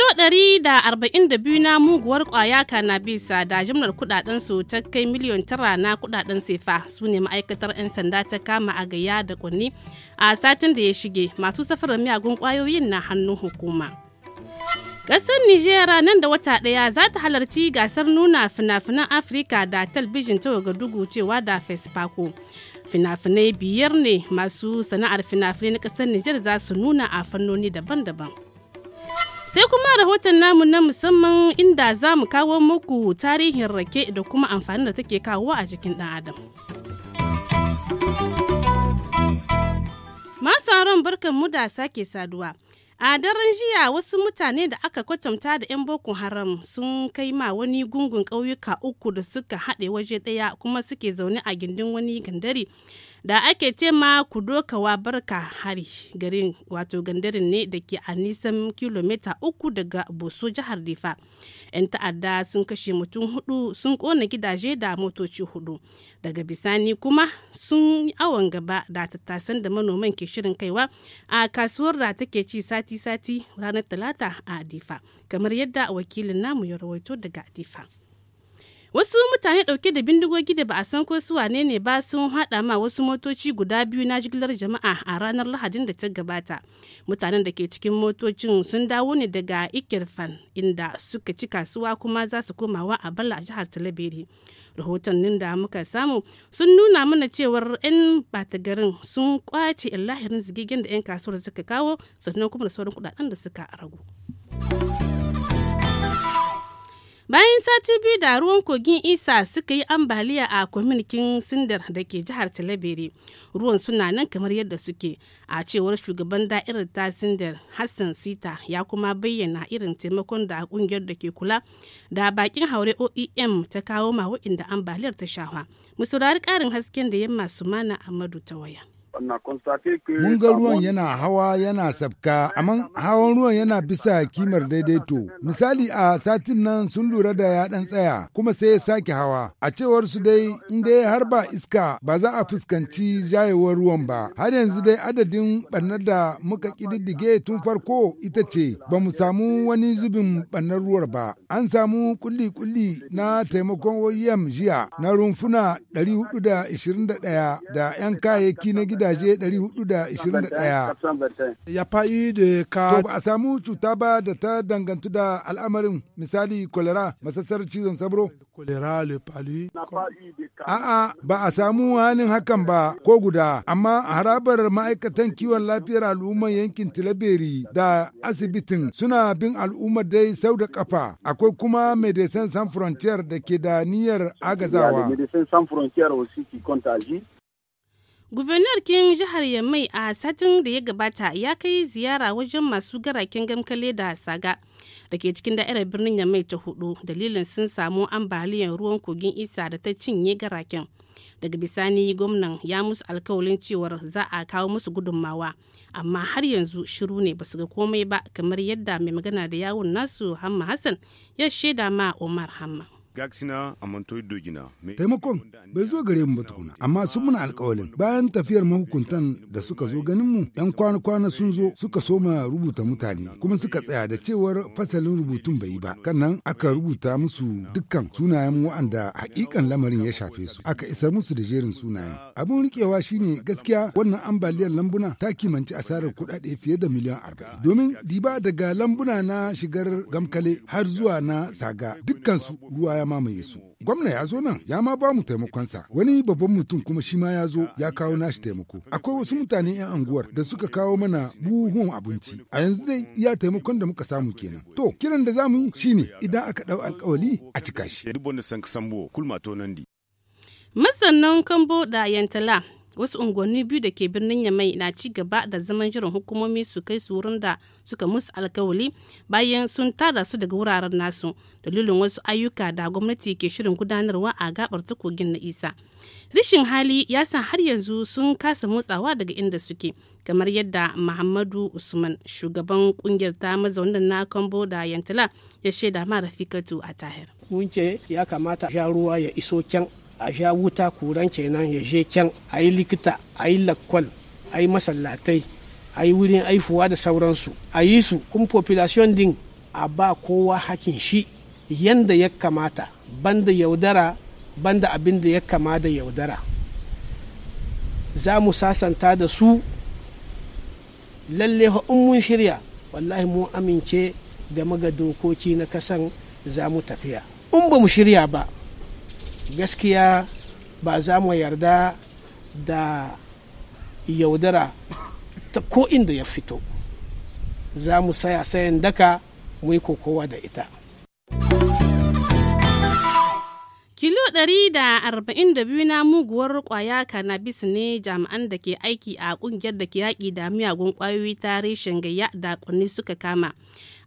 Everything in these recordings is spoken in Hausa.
Kilo 142 na muguwar kwaya bisa ah, da jimlar kudaden su ta kai miliyon tara na kudaden sefa su ne ma'aikatar 'yan sanda ta kama a gaya da kunni a satin da ya shige masu safarar miyagun kwayoyin na hannun hukuma. Ƙasar Nijera nan da wata ɗaya za ta halarci gasar nuna fina-finan Afirka da talbijin ta Wagadugu cewa da Fesfako. Fina-finai biyar ne masu sana'ar fina-finai na ƙasar Nijar za su nuna a fannoni daban-daban. sai kuma rahoton namu na musamman inda za mu kawo muku tarihin rake da kuma amfanin da take kawo a jikin ɗan adam masu aron barkan mu da sake saduwa a daren jiya wasu mutane da aka kwatanta da 'yan boko haram sun kai ma wani gungun ƙauyuka uku da suka haɗe waje ɗaya kuma suke zaune a gindin wani gandari da ake ce ma ku doka wa barka hari garin wato gandarin ne da ke a nisan kilomita uku daga boso jihar rifa 'yan ta'adda sun kashe mutum hudu sun kona gidaje da motoci hudu daga bisani kuma sun yi awon gaba da tattasan da manoman ke shirin kaiwa a kasuwar da take ci sati-sati ranar talata a difa kamar yadda wakilin namu ya rawaito daga difa wasu mutane dauke da bindigogi da ba a san ko su wane ne ba sun hada ma wasu motoci guda biyu na jigilar jama'a a ranar lahadin da ta gabata mutanen da ke cikin motocin sun dawo ne daga ikirfan inda suka ci kasuwa kuma za su komawa a balla a jihar talabiri rahotannin da muka samu sun nuna mana cewar 'yan batagarin sun kwace lahirin zigigin da 'yan kasuwar suka kawo sannan kuma da sauran kudaden da suka ragu. bayan sati biyu da ruwan kogin isa suka yi ambaliya a kwamitin sindar da ke jihar talabere ruwan suna nan kamar yadda suke a cewar shugaban da'irar ta sindar hassan sita ya kuma bayyana irin taimakon da kungiyar da ke kula da bakin haure oem ta kawo ma wa'inda ambaliyar ta shafa mu saurari ƙarin hasken da yamma mana amadu ta waya Mun ga ruwan yana hawa yana sabka, amma hawan ruwan yana bisa kimar daidaito. Misali a satin nan sun lura da ya dan tsaya, kuma sai ya sake hawa. A cewar su dai, in dai har ba iska ba za a fuskanci jayewar ruwan ba. Har yanzu dai adadin bannar da muka ƙididdige tun farko ita ce, ba mu samu wani zubin bannar ruwar ba. An samu kulli-kulli na taimakon OEM jiya na rumfuna 421 da 'yan kayayyaki na gida gidaje 421. Ya fa'i da ka. To ba a samu cuta ba da ta dangantu da al'amarin misali kolera masassar cizon sabro. A'a ba a samu hannun hakan ba ko guda amma harabar ma'aikatan kiwon lafiyar al'ummar yankin Tilaberi da asibitin suna bin al'ummar dai sau da kafa akwai kuma medecin Sans Frontier da ke da niyyar agazawa. Gubernar kin jihar Yammai a satin da ya gabata ya kai ziyara wajen masu garaken gamkale da saga da ke cikin da'irar birnin Yammai ta hudu dalilin sun samu ambaliyar ruwan kogin isa da ta cinye garaken. Daga bisani gwamnan ya musu alkawalin cewar za a kawo musu gudunmawa amma har yanzu shiru ne basu ga komai ba kamar yadda mai magana da yawun nasu Hamma Hassan ya shaida ma Omar Hamma. Taimakon bai zo gare mu ba tukuna, amma sun muna alkawalin bayan tafiyar mahukuntan da suka zo ganin mu, ɗan kwana-kwana sun zo suka soma rubuta mutane kuma suka tsaya da cewar fasalin rubutun bai yi ba. Kannan aka rubuta musu dukkan sunayen waɗanda haƙiƙan lamarin ya shafe su, aka isa musu da jerin sunayen. Abin rikewa shine gaskiya wannan ambaliyar lambuna ta kimanci asarar kuɗaɗe fiye da miliyan arba'in. Domin diba daga lambuna na shigar gamkale har zuwa na saga dukkansu ruwa ya mamaye su. Gwamna ya zo nan ya ma ba mu taimakonsa wani babban mutum kuma shi ma ya zo ya kawo nashi taimako. Akwai wasu mutane 'yan anguwar da suka kawo mana buhun abinci. A yanzu dai iya taimakon da muka samu kenan. To kiran da za mu yi shine idan aka ɗau alkawali a cika shi. Masannan kambo da yantala wasu unguwanni biyu da ke birnin yamai na ci gaba da zaman jiran hukumomi su kai su wurin da suka musu alkawali bayan sun tara su daga wuraren nasu dalilin wasu ayyuka da gwamnati ke shirin gudanarwa a gabar ta kogin na isa rishin hali ya sa har yanzu sun kasa motsawa daga inda suke kamar yadda muhammadu usman shugaban kungiyar ta mazaunin na kambo da yantala ya shaida ma rafikatu a tahir mun ce ya kamata ja ruwa ya iso can a sha wuta kuran kenan ya she can a yi likita a yi lakwal a yi masallatai a yi wurin aifuwa da sauransu a yi su kuma population din a ba kowa hakin shi yanda ya kamata banda yaudara banda abin da ya kama da yaudara za mu sasanta da su lalle in mun shirya wallahi mu amince game ga dokoki na kasan za mu tafiya in ba mu shirya ba gaskiya ba za mu yarda da yaudara ta ko inda ya fito za mu saya sayan daka mu yi kokowa da ita Kilo 142 na muguwar kwaya cannabis ne jami'an da ke aiki a kungiyar da ke yaƙi da miyagun kwayoyi ta reshen gayya da kunni suka kama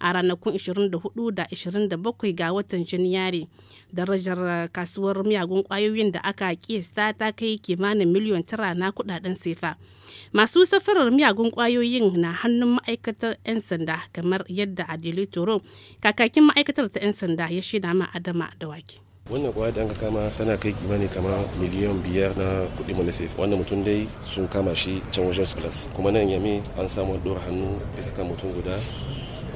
a ranakun 24 da 27 ga watan Janairu. Darajar kasuwar miyagun kwayoyin da aka kiyasta ta kai kimanin miliyon tara na kudaden sefa. Masu safarar miyagun kwayoyin na hannun ma'aikatar 'yan sanda kamar yadda Adili Toro kakakin ma'aikatar ta 'yan sanda ya shaida ma Adama da wake. wannan kwaya da an kama tana kai kimanin kamar miliyan biyar na kuɗi monisif wannan mutum dai sun kama shi can wajen su kuma nan yami an samu ɗora hannu bisa kan mutum guda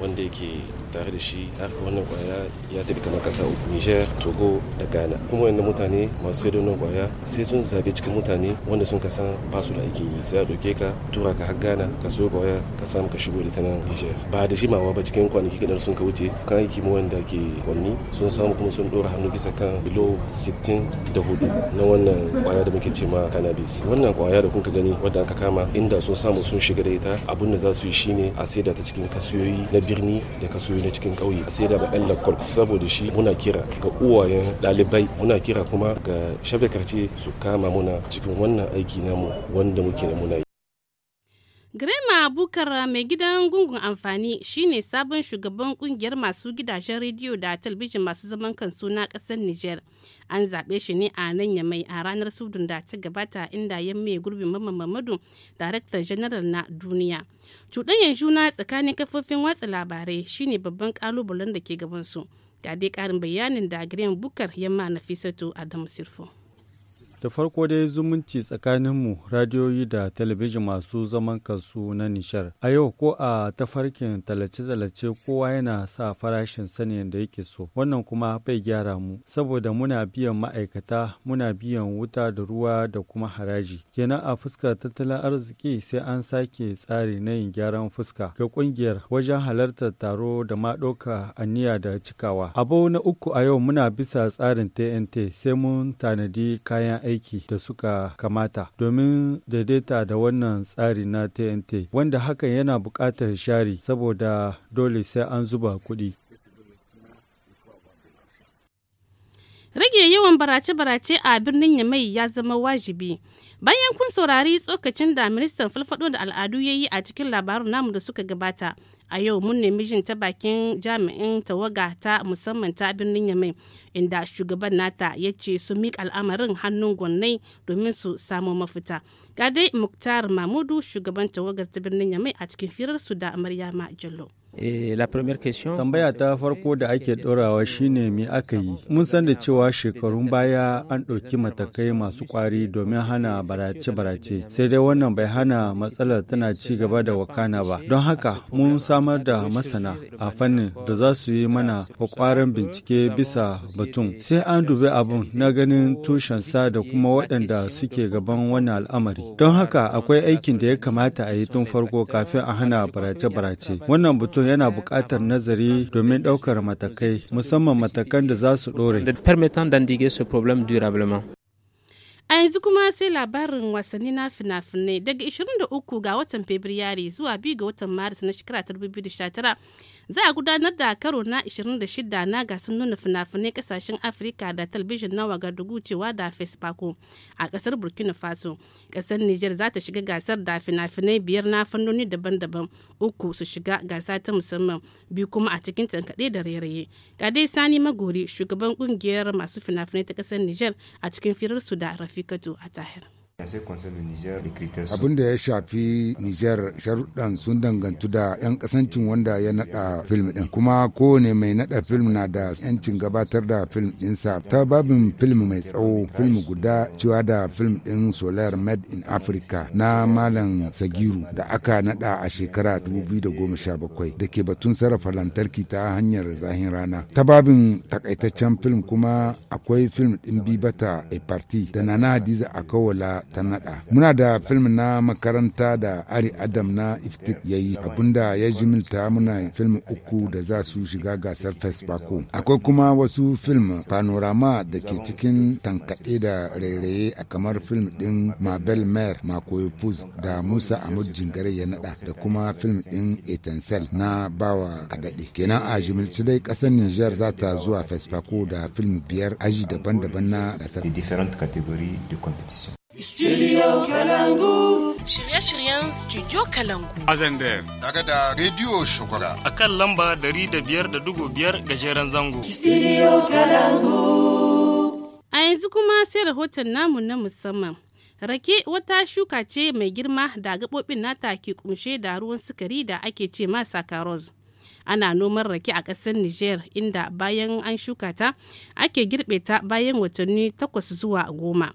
wanda yake tare da shi a wannan kwaya ya tafi kamar kasa uku niger togo da ghana kuma wanda mutane masu sai da kwaya sai sun zabe cikin mutane wanda sun kasa ba su da aikin yi sai a ɗauke ka tura ka har ghana ka so kwaya ka samu ka shigo da ta nan niger ba da shi mawa ba cikin kwanaki kaɗan sun ka wuce kan aiki mu wanda ke kwanni sun samu kuma sun ɗora hannu bisa kan bilo 64 na wannan kwaya da muke ce ma cannabis wannan kwaya da kuka gani wadda aka kama inda sun samu sun shiga da ita abin da za su yi shine a saida ta cikin kasuyoyi na birni da kasuyoyi ne cikin ƙauye sai da ɗan lakwal saboda shi muna kira ga uwayen ɗalibai muna kira kuma ga shafe karce su kama muna cikin wannan aiki namu wanda muke muna yi Haruna Bukar mai gidan gungun amfani shine sabon shugaban kungiyar masu gidajen rediyo da talbijin masu zaman kansu na ƙasar Nijar. An zaɓe shi ne a nan ya mai a ranar sudun da ta gabata inda ya mai gurbin Mamman Mamadu, Daraktan jeneral na duniya. Cuɗanyen juna tsakanin kafofin watsa labarai shine babban ƙalubalen da ke gabansu. Ga dai ƙarin bayanin da Green Bukar yamma Nafisatu Adamu Sirfo. Da farko dai zumunci tsakaninmu radiyoyi da talabijin masu zaman kansu na nishar. A yau ko a tafarkin talace-talace kowa yana sa farashin sanin da yake so. Wannan kuma bai gyara mu saboda muna biyan ma'aikata, muna biyan wuta da ruwa da kuma haraji. Kenan a fuskar tattalin arziki sai an sake tsari na yin gyaran fuska ga kungiyar wajen halartar taro da ma ɗauka aniya da cikawa. Abu na uku a yau muna bisa tsarin TNT sai mun tanadi kayan aiki da suka kamata domin daidaita da wannan tsari na TNT wanda hakan yana buƙatar shari saboda dole sai an zuba kuɗi. Rage yawan barace-barace a birnin Yamai ya zama wajibi. Bayan kun saurari tsokacin da ministan falfaɗo da al'adu ya yi a cikin labarun namu da suka gabata, a yau mun nemi jin ta bakin jami'in tawaga ta musamman ta birnin yamai inda shugaban nata ya ce su miƙa al'amarin hannun gwannai domin su samu mafita ga dai muktar mamudu shugaban tawagar ta birnin yamai a cikin firarsu da maryama jallo Eh, Tambaya ta farko da ake ɗorawa shine me aka yi. Mun san da cewa shekarun baya an ɗauki matakai masu kwari domin hana barace-barace, sai dai wannan bai hana matsalar tana ci gaba da wakana ba. Don haka mun samar da masana a fannin da za su yi mana kwakwaran bincike bisa batun. Sai an dubi abun na ganin tushensa da kuma waɗanda suke gaban wannan al'amari. Don haka akwai aikin da ya kamata a yi tun farko kafin a hana barace-barace. Wannan batun yana buƙatar nazari domin ɗaukar matakai, musamman matakan da za su ɗore. A yanzu kuma sai labarin wasanni na fina-finai daga 23 ga watan Fabrairu zuwa 2 ga watan Maris na shekara 2019 za a gudanar da karo na 26 na gasar nuna fina-finai kasashen afirka da talbijin na wagadugu cewa da fesfako a kasar burkina faso kasar niger za ta shiga gasar da fina-finai biyar na fannoni daban-daban uku su shiga gasa ta musamman biyu kuma a cikin tankaɗe da rairaye kadai sani magori shugaban kungiyar masu fina-finai ta kasar niger a cikin firar su da rafikatu a tahir abin da ya shafi niger sharuɗan sun dangantu da 'yan kasancin wanda ya nada film ɗin kuma kowane mai nada film na da 'yancin gabatar da film ɗinsa ta babin film mai tsawo film guda cewa da film ɗin solar made in africa na malam sagiru da aka nada a shekara 2017 da ke batun sarrafa lantarki ta hanyar zahin rana ta babin takaitaccen film kuma akwai film ɗin bibata a party da nana hadiza a kawala ta nada muna da film na makaranta da ari adam na iftik ya yi abinda ya jimilta muna film uku da za su shiga gasar fesbako akwai kuma wasu film panorama da ke cikin tankaɗe da rairaye a kamar film ɗin mabel mer makoyo da musa amur jingare ya nada da kuma film ɗin etensel na bawa kadaɗe kenan a jimilci dai ƙasar niger za ta zuwa fesbako da film biyar aji daban-daban na gasar. different categories de competition Studio Kalangu. Shirye-shiryen Studio Kalangu. A Zander. Daga da Radio Shukura. A kan lamba dari da da biyar ga gajeren zango. Studio Kalangu. A yanzu kuma sai rahoton namu na musamman. Rake wata shuka ce mai girma da gaɓoɓin nata ke kumshe da ruwan sukari da ake ce ma sakaroz. ana noman rake a ƙasar Niger inda bayan an shuka ta ake girbe ta bayan watanni takwas zuwa goma.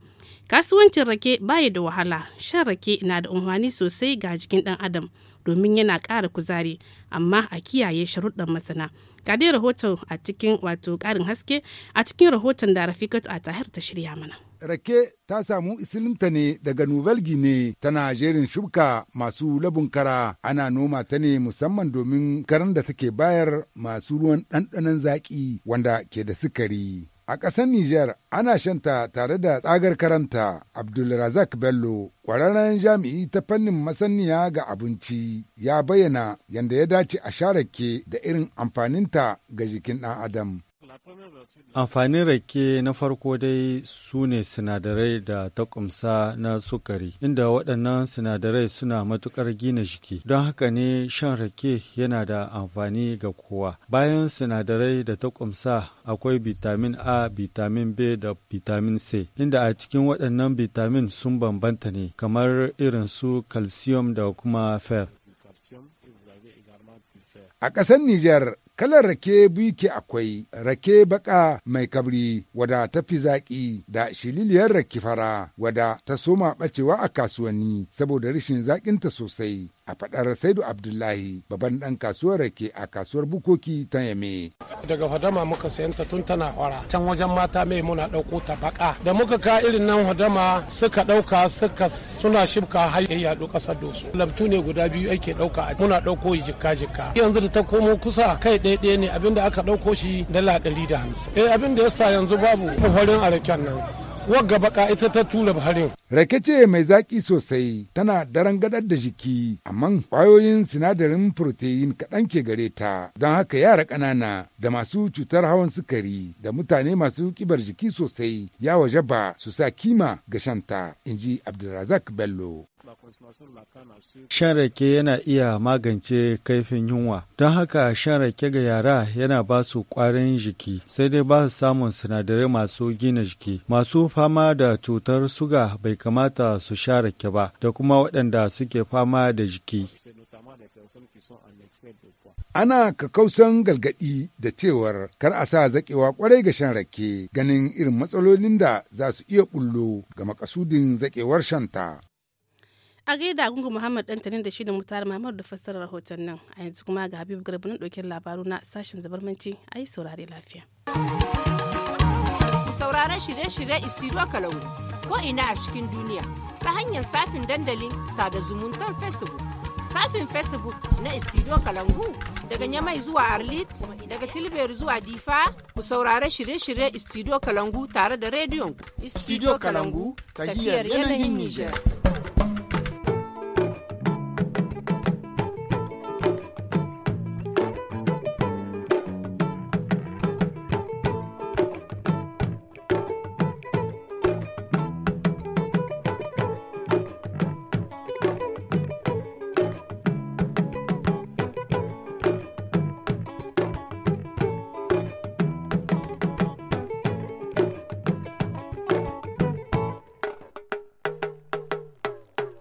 kasuwancin rake baya da wahala shan rake na da umarni sosai ga jikin dan adam domin yana kara kuzari amma a kiyaye sharuɗan masana ga dai rahoton a cikin wato ƙarin haske a cikin rahoton da rafikatu a tahir ta shirya mana rake ta samu isilinta ne daga Nouvelle ne tana jerin shuka masu labun kara ana noma ta ne musamman domin karan da take bayar masu ruwan ɗanɗanon zaƙi wanda ke da sukari. A ƙasar Nijar ana shanta tare da tsagar karanta Abdulrazak Bello, ƙwararren jami'i ta fannin masaniya ga abinci, ya bayyana yadda ya dace a sharake da irin amfaninta ga jikin ɗan Adam. Amfanin rake na farko dai su ne sinadarai da ta na sukari, inda waɗannan sinadarai suna matuƙar gina jiki. Don haka ne shan rake yana da amfani ga kowa. Bayan sinadarai da ta akwai bitamin A, bitamin B da bitamin C, inda a cikin waɗannan bitamin sun bambanta ne, kamar irin su calcium da kuma fer. A ƙasar Nijar Kalar rake buke akwai rake baka mai kabri wada ta fi zaƙi da shililiyar rake fara wada ta soma ɓacewa a kasuwanni saboda rashin zaƙinta sosai a fadar saidu abdullahi babban dan kasuwar rake a kasuwar bukoki ta yame daga hadama muka sayan ta tun tana hora can wajen mata mai muna dauko ta baka da muka ka irin nan hadama suka dauka suka suna shibka har ya yadu kasar dosu labtu ne guda biyu ake dauka muna dauko jikka jikka yanzu da ta komo kusa kai ɗaya ɗaya ne abinda aka dauko shi dala ɗari da hamsin eh abinda yasa yanzu babu muhorin araken nan wagga baka ita ta tura harin. Rake ce mai zaƙi sosai tana daren gadar da jiki, amma kwayoyin sinadarin protein kaɗan ke gare ta, don haka yara ƙanana da masu cutar hawan sukari da mutane masu ƙibar jiki sosai ya waje ba su sa kima ga shanta, in ji Abdulrazak Bello. Shan rake yana iya magance kaifin yunwa, don haka shan rake ga yara yana ba su ƙwarin jiki, sai dai ba su samun sinadarai masu gina jiki, masu fama da cutar suga bai kamata su sha rake ba da kuma waɗanda suke fama da jiki. Ana kakausan galgadi da cewar kar a sa zaƙewa kwarai ga shan rake ganin irin matsalolin da za su iya bullo ga makasudin zaƙewar shanta. a gaida gungu muhammad tanin da shi da mutar mamar da fassara rahoton nan a yanzu kuma ga habibu garba na ɗauki labaru na sashen zabarmanci a yi saurare lafiya. ku saurara shirye-shirye Isiro Kalangu ko ina a cikin duniya ta hanyar safin dandalin sada zumuntar Facebook. Safin Facebook na Isiro Kalangu daga Nyamai zuwa Arlit, daga Tilber zuwa Difa, ku saurara shirye-shirye Isiro Kalangu tare da rediyon Isiro Kalangu ta hiyar yanayin Nijar.